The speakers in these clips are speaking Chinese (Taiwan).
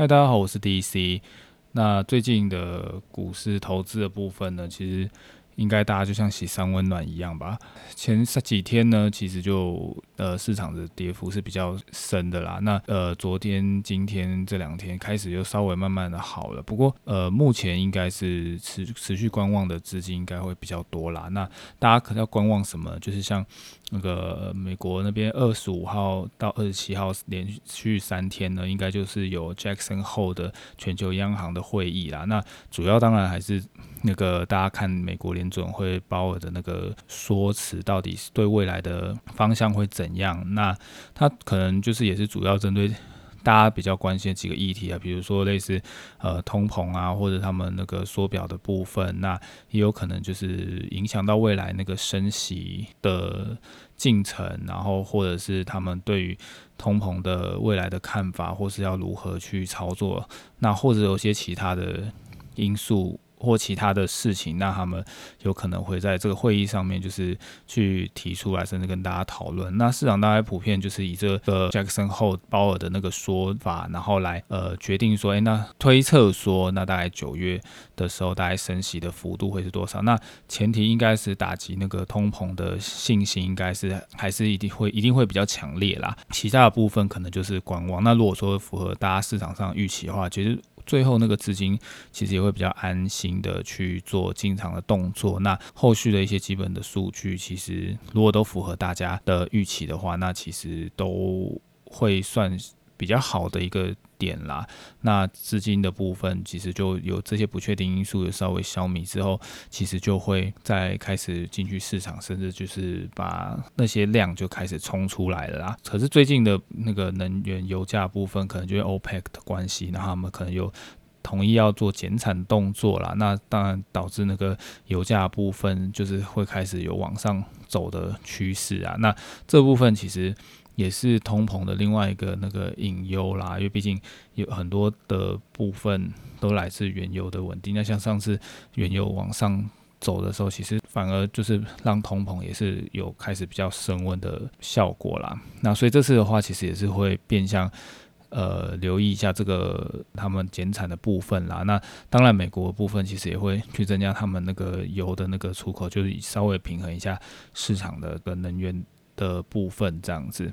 嗨，大家好，我是 DC。那最近的股市投資的部分呢，其實應該大家就像洗三溫暖一樣吧。前幾幾天呢，其實就呃市場的跌幅是比較深的啦。那呃昨天、今天這兩天開始就稍微慢慢的好了，不過呃目前應該是持持續觀望的資金應該會比較多啦。那大家可能要觀望什麼？就是像。那個美國那邊二十五號到二十七號連續三天呢，應該就是有 Jackson Hole 的全球央行的會議啦。那主要當然還是那個大家看美國聯準會鮑爾的那個說辭，到底是對未來的方向會怎樣？那他可能就是也是主要針對。大家比較關心幾個議題啊，比如說類似呃通膨，啊，或者他們那個縮表的部分，那也有可能就是影響到未來那個升息的進程，然後或者是他們對於通膨的未來的看法，或是要如何去操作，那或者有些其他的因素，或其他的事情，那他們有可能會在這個會議上面，就是去提出來，甚至跟大家討論。那市場大概普遍就是以這個 Jackson Hole 鮑爾的那個說法，然後來呃決定說，誒、欸，那推測說，那大概九月的時候，大概升息的幅度會是多少？那前提應該是打擊那個通膨的信心應，應該是還是一定會一定會比較強烈啦。其他的部分可能就是觀望。那如果說符合大家市場上預期的話，其實。最後那個資金其實也會比較安心的去做進場的動作。那後續的一些基本的數據，其實如果都符合大家的預期的話，那其實都會算比較好的一個點啦，那資金的部分其實就有這些不確定因素稍微消弭之後，其實就會再開始進去市場，甚至就是把那些量就開始衝出來了啦。可是最近的那個能源油價部分，可能就是 OPEC 的關係，那他們可能有同意要做減產動作啦，那當然導致那個油價部分就是會開始有往上走的趨勢啊。那這部分其實。也是通膨的另外一個那個隱憂啦，因為畢竟有很多的部分都來自原油的穩定。那像上次原油往上走的時候，其實反而就是讓通膨也是有開始比較升溫的效果啦。那所以這次的話，其實也是會變相呃留意一下這個他們減產的部分啦。那當然美國的部分其實也會去增加他們那個油的那個出口，就是稍微平衡一下市場的跟能源的部分這樣子。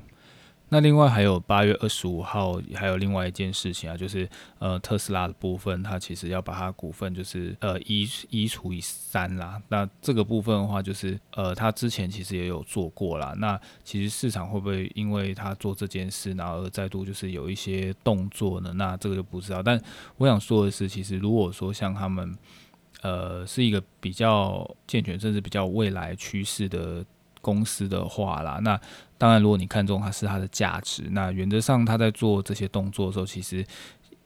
那另外還有八月二十五號，還有另外一件事情啊，就是呃特斯拉的部分，它其實要把它股份就是呃一一除以三啦。那這個部分的話，就是呃它之前其實也有做過啦。那其實市場會不會因為它做這件事，然後再度就是有一些動作呢？那這個就不知道。但我想說的是，其實如果說像他們呃是一個比較健全，甚至比較未來趨勢的公司的話啦，那當然，如果你看中它是它的價值，那原則上它在做這些動作的時候，其實，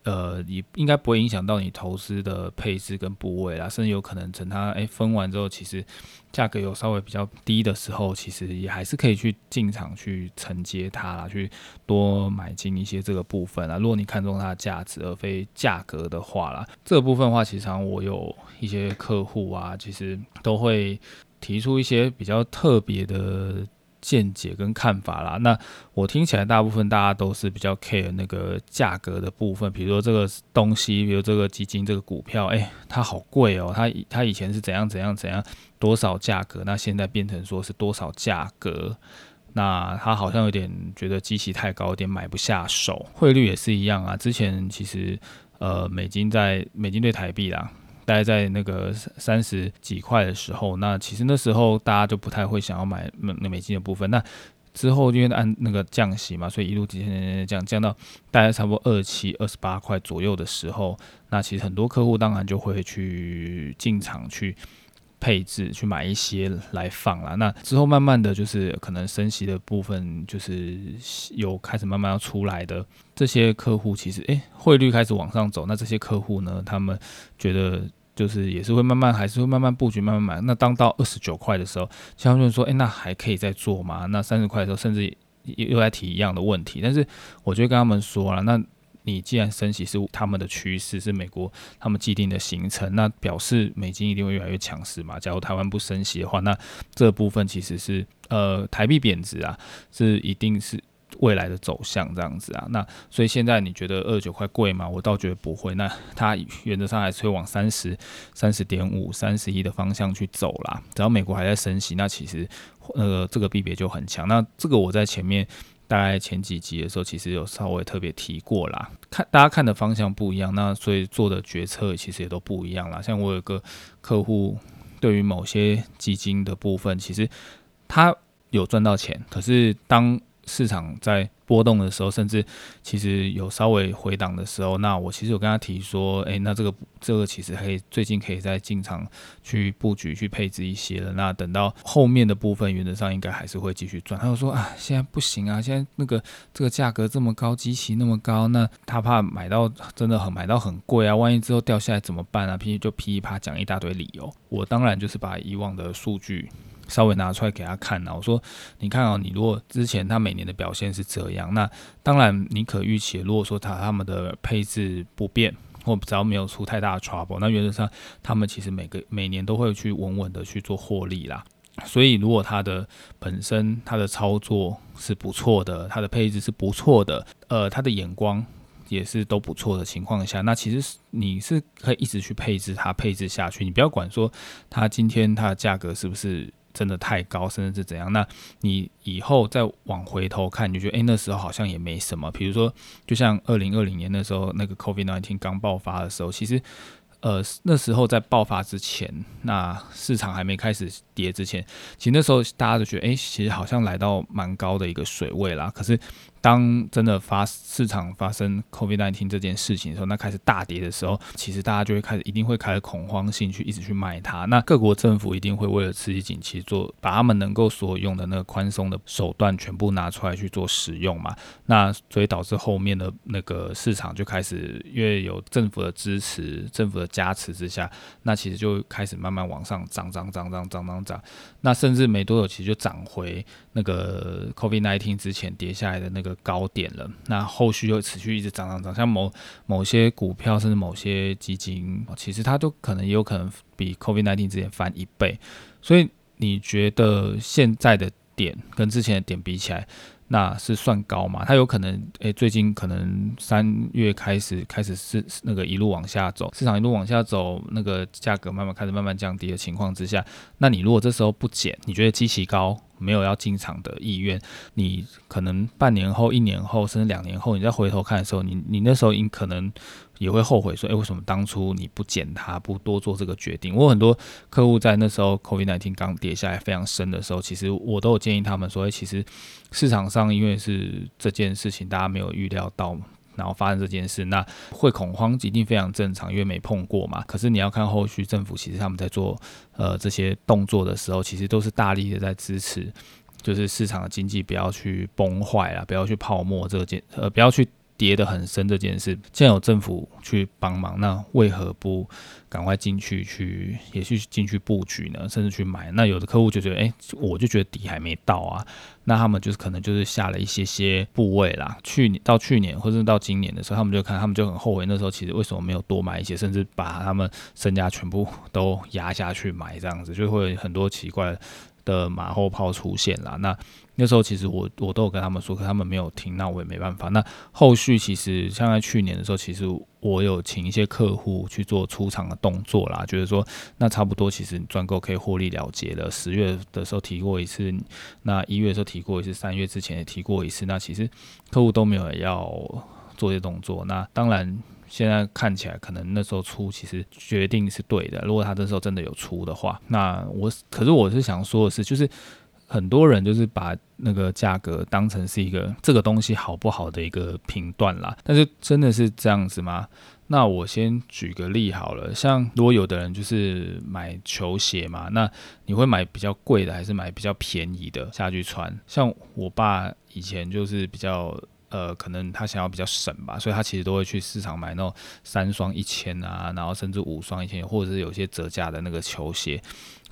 呃，也應該不會影響到你投資的配置跟部位啦，甚至有可能等它哎分完之後，其實價格有稍微比較低的時候，其實也還是可以去進場去承接它啦，去多買進一些這個部分啦。如果你看中它的價值而非價格的話啦，這個部分的話，其實我有一些客戶啊，其實都會。提出一些比較特別的見解跟看法啦。那我聽起來，大部分大家都是比較 care 那個價格的部分，比如說這個東西，比如這個基金、這個股票，哎、欸，它好貴哦、喔。它它以前是怎樣怎樣怎樣多少價格，那現在變成說是多少價格。那它好像有點覺得基期太高，有點買不下手。匯率也是一樣啊，之前其實呃，美金在美金對台幣啦。大概在那個三十幾塊的時候，那其實那時候大家就不太會想要買那美金的部分。那之後因為按那個降息嘛，所以一路降降降降降到大概差不多二十七二十八塊左右的時候，那其實很多客戶當然就會去進場去配置去買一些來放了，那之後慢慢的就是可能升息的部分，就是有開始慢慢要出來的這些客戶，其實誒，匯、欸、率開始往上走，那這些客戶呢，他們覺得就是也是會慢慢還是會慢慢布局慢慢買。那當到二十九塊的時候，他們說誒、欸，那還可以再做嗎？那三十塊的時候甚至又又來提一樣的問題，但是我就跟他們說了那。你既然升息是他們的趨勢，是美國他們既定的行程，那表示美金一定會越來越強勢嘛。假如台灣不升息的話，那這部分其實是呃台幣貶值啊，是一定是未來的走向這樣子啊。那所以現在你覺得二十九塊貴嗎？我倒覺得不會。那它原則上還是會往三十三十點五、三十一的方向去走啦。只要美國還在升息，那其實那個、呃、這個幣別就很強。那這個我在前面。大概前幾集的時候，其實有稍微特別提過啦。看大家看的方向不一樣，那所以做的決策其實也都不一樣啦。像我有個客戶，對於某些基金的部分，其實他有賺到錢，可是當市場在。波動的時候，甚至其實有稍微回檔的時候，那我其實有跟他提說，哎、欸，那這個這個其實可以最近可以再進場去布局去配置一些了。那等到後面的部分，原則上應該還是會繼續賺。他就說啊，現在不行啊，現在那個這個價格這麼高，基期那麼高，那他怕買到真的很買到很貴啊，萬一之後掉下來怎麼辦啊？就噼里啪啦講一大堆理由。我當然就是把以往的數據。稍微拿出來給他看啊！我說，你看哦，你如果之前他每年的表現是這樣，那當然你可預期，如果說他他們的配置不變，或只要沒有出太大的 trouble，那原則上他們其實每個每年都會去穩穩的去做獲利啦。所以如果他的本身他的操作是不錯的，他的配置是不錯的，呃，他的眼光也是都不錯的情況下，那其實你是可以一直去配置他配置下去，你不要管說他今天它的價格是不是，真的太高，甚至是怎樣？那你以後再往回頭看，你就覺得，欸，那時候好像也沒什麼。比如說，就像二零二零年那時候那個 COVID-19 剛爆發的時候，其實呃那時候在爆發之前，那市場還沒開始跌之前，其實那時候大家都覺得，欸，其實好像來到蠻高的一個水位啦。可是當真的發市場發生 COVID-19 這件事情的時候，那開始大跌的時候，其實大家就會開始，一定會開始恐慌性去一直去賣它。那各國政府一定會為了刺激景氣做，做把他們能夠所用的那個寬鬆的手段全部拿出來去做使用嘛。那所以導致後面的那個市場就開始因為有政府的支持、政府的加持之下，那其實就開始慢慢往上漲，漲，漲，漲，漲，漲，漲，漲，漲。那甚至沒多久，其實就漲回那個 COVID-19 之前跌下來的那個。高點了，那後續又持續一直漲漲漲，像某某些股票甚至某些基金，其實它都可能也有可能比 COVID-19 之前翻一倍。所以你覺得現在的點跟之前的點比起來，那是算高嗎？它有可能，誒、欸，最近可能三月開始開始是那個一路往下走，市場一路往下走，那個價格慢慢開始慢慢降低的情況之下，那你如果這時候不減，你覺得基期高？沒有要進場的意願，你可能半年後、一年後，甚至兩年後，你再回頭看的時候，你你那時候你可能也會後悔，說：“誒，為什麼當初你不撿它，不多做這個決定？”我很多客戶在那時候 COVID-19 剛跌下來非常深的時候，其實我都有建議他們說：“誒，其實市場上因為是這件事情，大家沒有預料到。”然後發生這件事，那會恐慌一定非常正常，因為沒碰過嘛。可是你要看後續政府其實他們在做呃這些動作的時候，其實都是大力的在支持，就是市場的經濟不要去崩壞啦，不要去泡沫這件，呃不要去。跌得很深這件事，既然有政府去幫忙，那為何不趕快進去去也去進去布局呢？甚至去買？那有的客戶就覺得，哎、欸，我就覺得底還沒到啊，那他們就是可能就是下了一些些部位啦。去年到去年或是到今年的時候，他們就看他們就很後悔，那時候其實為什麼沒有多買一些，甚至把他們身家全部都壓下去買這樣子，就會有很多奇怪的馬後炮出現啦。那那時候其實我我都有跟他們說，可他們沒有聽，那我也沒辦法。那後續其實像在去年的時候，其實我有請一些客戶去做出場的動作啦，就是說那差不多其實賺夠可以獲利了結了。十月的時候提過一次，那一月的時候提過一次，三月之前也提過一次，那其實客戶都沒有要做這些動作。那當然。現在看起來，可能那時候出其實決定是對的。如果他這時候真的有出的話，那我可是我是想說的是，就是很多人就是把那個價格當成是一個這個東西好不好的一個評斷啦。但是真的是這樣子嗎？那我先舉個例好了，像如果有的人就是買球鞋嘛，那你會買比較貴的還是買比較便宜的下去穿？像我爸以前就是比較。呃，可能他想要比較省吧，所以他其實都會去市場買那種三雙一千啊，然後甚至五雙一千，或者是有些折價的那個球鞋。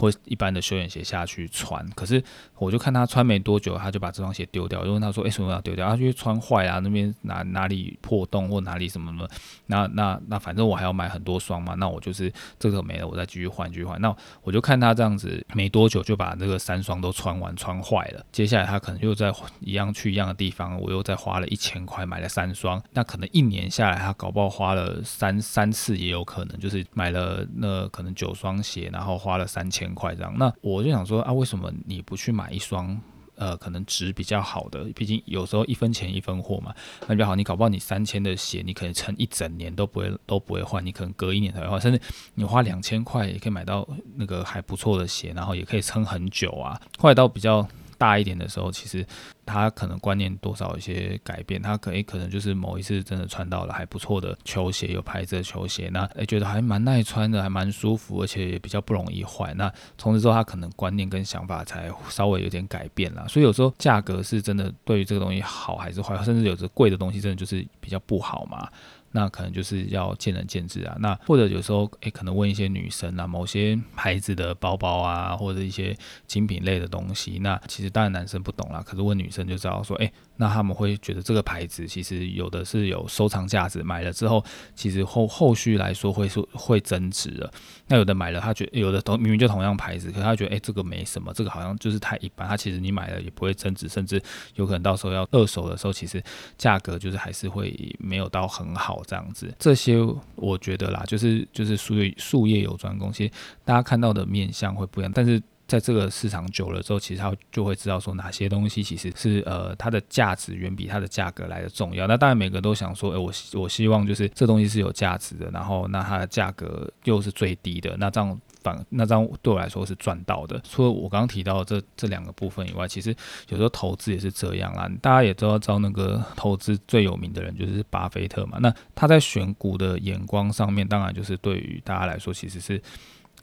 或一般的休閒鞋下去穿，可是我就看他穿沒多久，他就把這雙鞋丟掉。就問他說：“哎、欸，為什麼要丟掉他就、啊、穿壞啊，那邊哪哪裡破洞或哪裡什麼什麼？那那那反正我還要買很多雙嘛，那我就是這個沒了，我再繼續換，繼續換。那我就看他這樣子，沒多久就把那個三雙都穿完，穿壞了。接下來他可能又在一樣去一樣的地方，我又再花了一千塊買了三雙。那可能一年下來，他搞不好花了三三次，也有可能，就是買了那可能九雙鞋，然後花了三千塊。快這樣，那我就想說啊，為什麼你不去買一雙呃，可能值比較好的？畢竟有時候一分錢一分貨嘛。那比較好，你搞不好你三千的鞋，你可能撐一整年都不會都不會換，你可能隔一年才會換。甚至你花兩千塊也可以買到那個還不錯的鞋，然後也可以撐很久啊。快到比較大一點的時候，其實，他可能觀念多少一些改變，他可以可能就是某一次真的穿到了還不錯的球鞋，有牌子的球鞋，那、欸、覺得還蠻耐穿的，還蠻舒服，而且也比較不容易壞。那從此之後，他可能觀念跟想法才稍微有點改變了。所以有時候價格是真的對於這個東西好還是壞，甚至有的貴的東西真的就是比較不好嘛。那可能就是要見仁見智啊。那或者有時候，哎，可能問一些女生啊，某些牌子的包包啊，或者一些精品類的東西。那其實當然男生不懂啦，可是問女生就知道說，哎，那他們會覺得這個牌子其實有的是有收藏價值，買了之後，其實後後續來說會說會增值的。那有的買了他覺得、欸，有的同明明就同樣牌子，可是他覺得哎，這個沒什麼，這個好像就是太一般，他其實你買了也不會增值，甚至有可能到時候要二手的時候，其實價格就是還是會沒有到很好。這樣子，這些我覺得啦，就是就是術業術業有專攻，其實大家看到的面相會不一樣。但是在這個市場久了之後，其實他就會知道說哪些東西其實是呃它的價值遠比它的價格來的重要。那當然每個人都想說，哎、欸，我我希望就是這東西是有價值的，然後那它的價格又是最低的，那這樣。反那張對我來說是賺到的。除了我剛剛提到這這兩個部分以外，其實有時候投資也是這樣啦。大家也都要知道，知道那個投資最有名的人就是巴菲特嘛。那他在選股的眼光上面，當然就是對於大家來說，其實是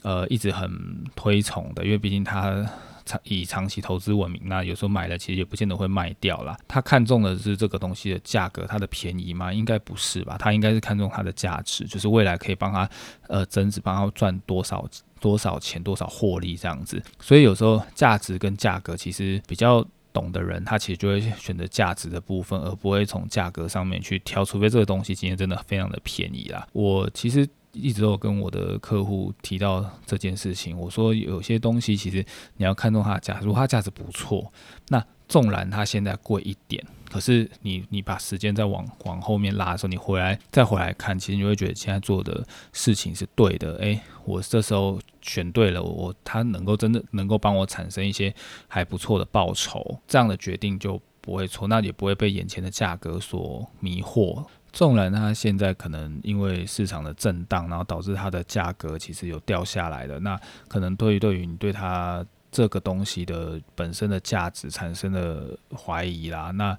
呃一直很推崇的。因為畢竟他長以長期投資聞名，那有時候買了其實也不見得會賣掉啦。他看中的是這個東西的價格，它的便宜嗎？應該不是吧？他應該是看中它的價值，就是未來可以幫他呃增值，幫他賺多少。多少錢多少獲利這樣子，所以有時候價值跟價格其實比較懂的人，他其實就會選擇價值的部分，而不會從價格上面去挑，除非這個東西今天真的非常的便宜啦。我其實一直都有跟我的客戶提到這件事情，我說有些東西其實你要看中它的價，如果它價值不錯，那縱然它現在貴一點。可是你你把時間再往往後面拉的時候，你回來再回來看，其實你會覺得現在做的事情是對的。誒、欸，我這時候選對了，我他能夠真的能夠幫我產生一些還不錯的報酬，這樣的決定就不會錯。那也不會被眼前的價格所迷惑。縱然他現在可能因為市場的震盪，然後導致它的價格其實有掉下來的，那可能對於對於你對它。這個東西的本身的價值產生了懷疑啦，那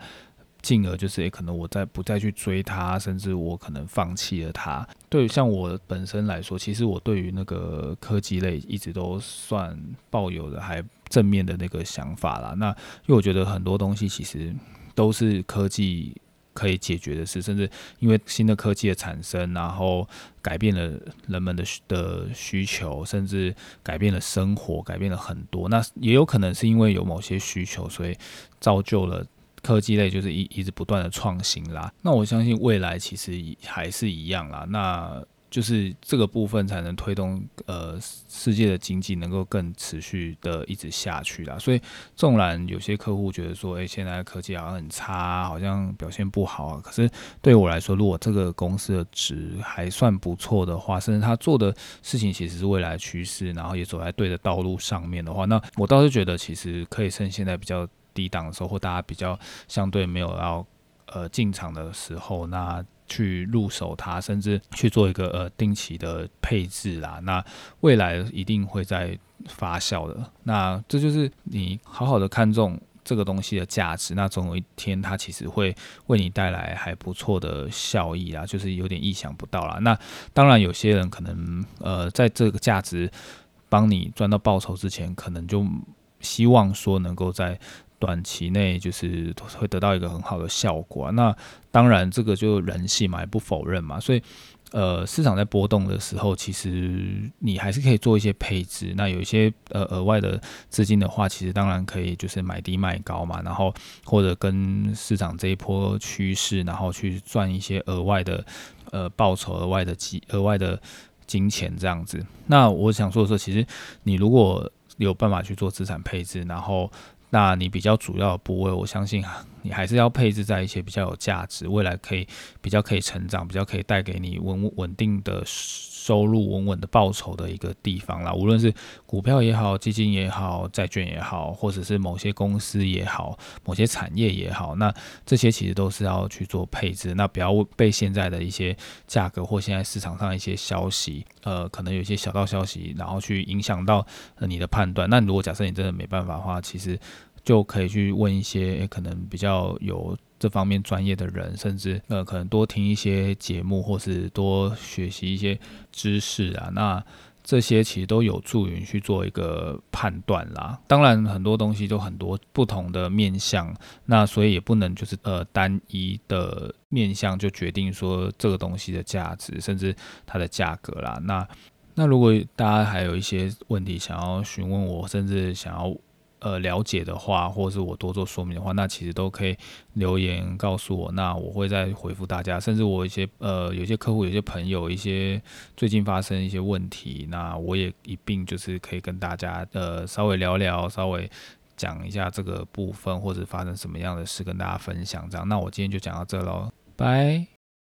進而就是也可能我再不再去追它，甚至我可能放棄了它。對於像我本身來說，其實我對於那個科技類一直都算抱有的還正面的那個想法啦。那因為我覺得很多東西其實都是科技，可以解決的事，甚至因為新的科技的產生，然後改變了人們的的需求，甚至改變了生活，改變了很多。那也有可能是因為有某些需求，所以造就了科技類，就是一一直不斷的創新啦。那我相信未來其實還是一樣啦。那就是這個部分才能推動呃世界的經濟能夠更持續的一直下去啦。所以縱然有些客戶覺得說，哎、欸，現在科技好像很差啊，好像表現不好啊。可是對我來說，如果這個公司的值還算不錯的話，甚至他做的事情其實是未來趨勢，然後也走在對的道路上面的話，那我倒是覺得其實可以趁現在比較低檔的時候，或大家比較相對沒有要呃進場的時候，那。去入手它，甚至去做一個呃定期的配置啦。那未來一定會在發酵的。那這就是你好好的看重這個東西的價值，那總有一天它其實會為你帶來還不錯的效益啦，就是有點意想不到啦。那當然，有些人可能呃在這個價值幫你賺到報酬之前，可能就希望說能夠在。短期內就是會得到一個很好的效果啊。那當然，這個就人性嘛，也不否認嘛。所以，呃，市場在波動的時候，其實你還是可以做一些配置。那有一些呃額外的資金的話，其實當然可以，就是買低賣高嘛。然後或者跟市場這一波趨勢，然後去賺一些額外的呃報酬、額外的幾、額外的金錢這樣子。那我想說的是，其實你如果有辦法去做資產配置，然後。那你比較主要的部位，我相信啊，你還是要配置在一些比較有價值、未來可以比較可以成長、比較可以帶給你穩穩定的收入穩穩的報酬的一個地方啦，無論是股票也好，基金也好，債券也好，或者是某些公司也好，某些產業也好，那這些其實都是要去做配置。那不要被現在的一些價格或現在市場上一些消息，呃，可能有些小道消息，然後去影響到你的判斷。那如果假設你真的沒辦法的話，其實。就可以去問一些、欸、可能比較有這方面專業的人，甚至呃可能多聽一些節目，或是多學習一些知識啊。那這些其實都有助於你去做一個判斷啦。當然，很多東西都很多不同的面向，那所以也不能就是呃單一的面向就決定說這個東西的價值，甚至它的價格啦。那那如果大家還有一些問題想要詢問我，甚至想要。呃，了解的話，或者是我多做說明的話，那其實都可以留言告訴我，那我會再回復大家。甚至我一些呃，有些客戶、有些朋友，一些最近發生一些問題，那我也一併就是可以跟大家呃稍微聊聊，稍微講一下這個部分，或者發生什麼樣的事跟大家分享這樣。那我今天就講到這嘍，拜。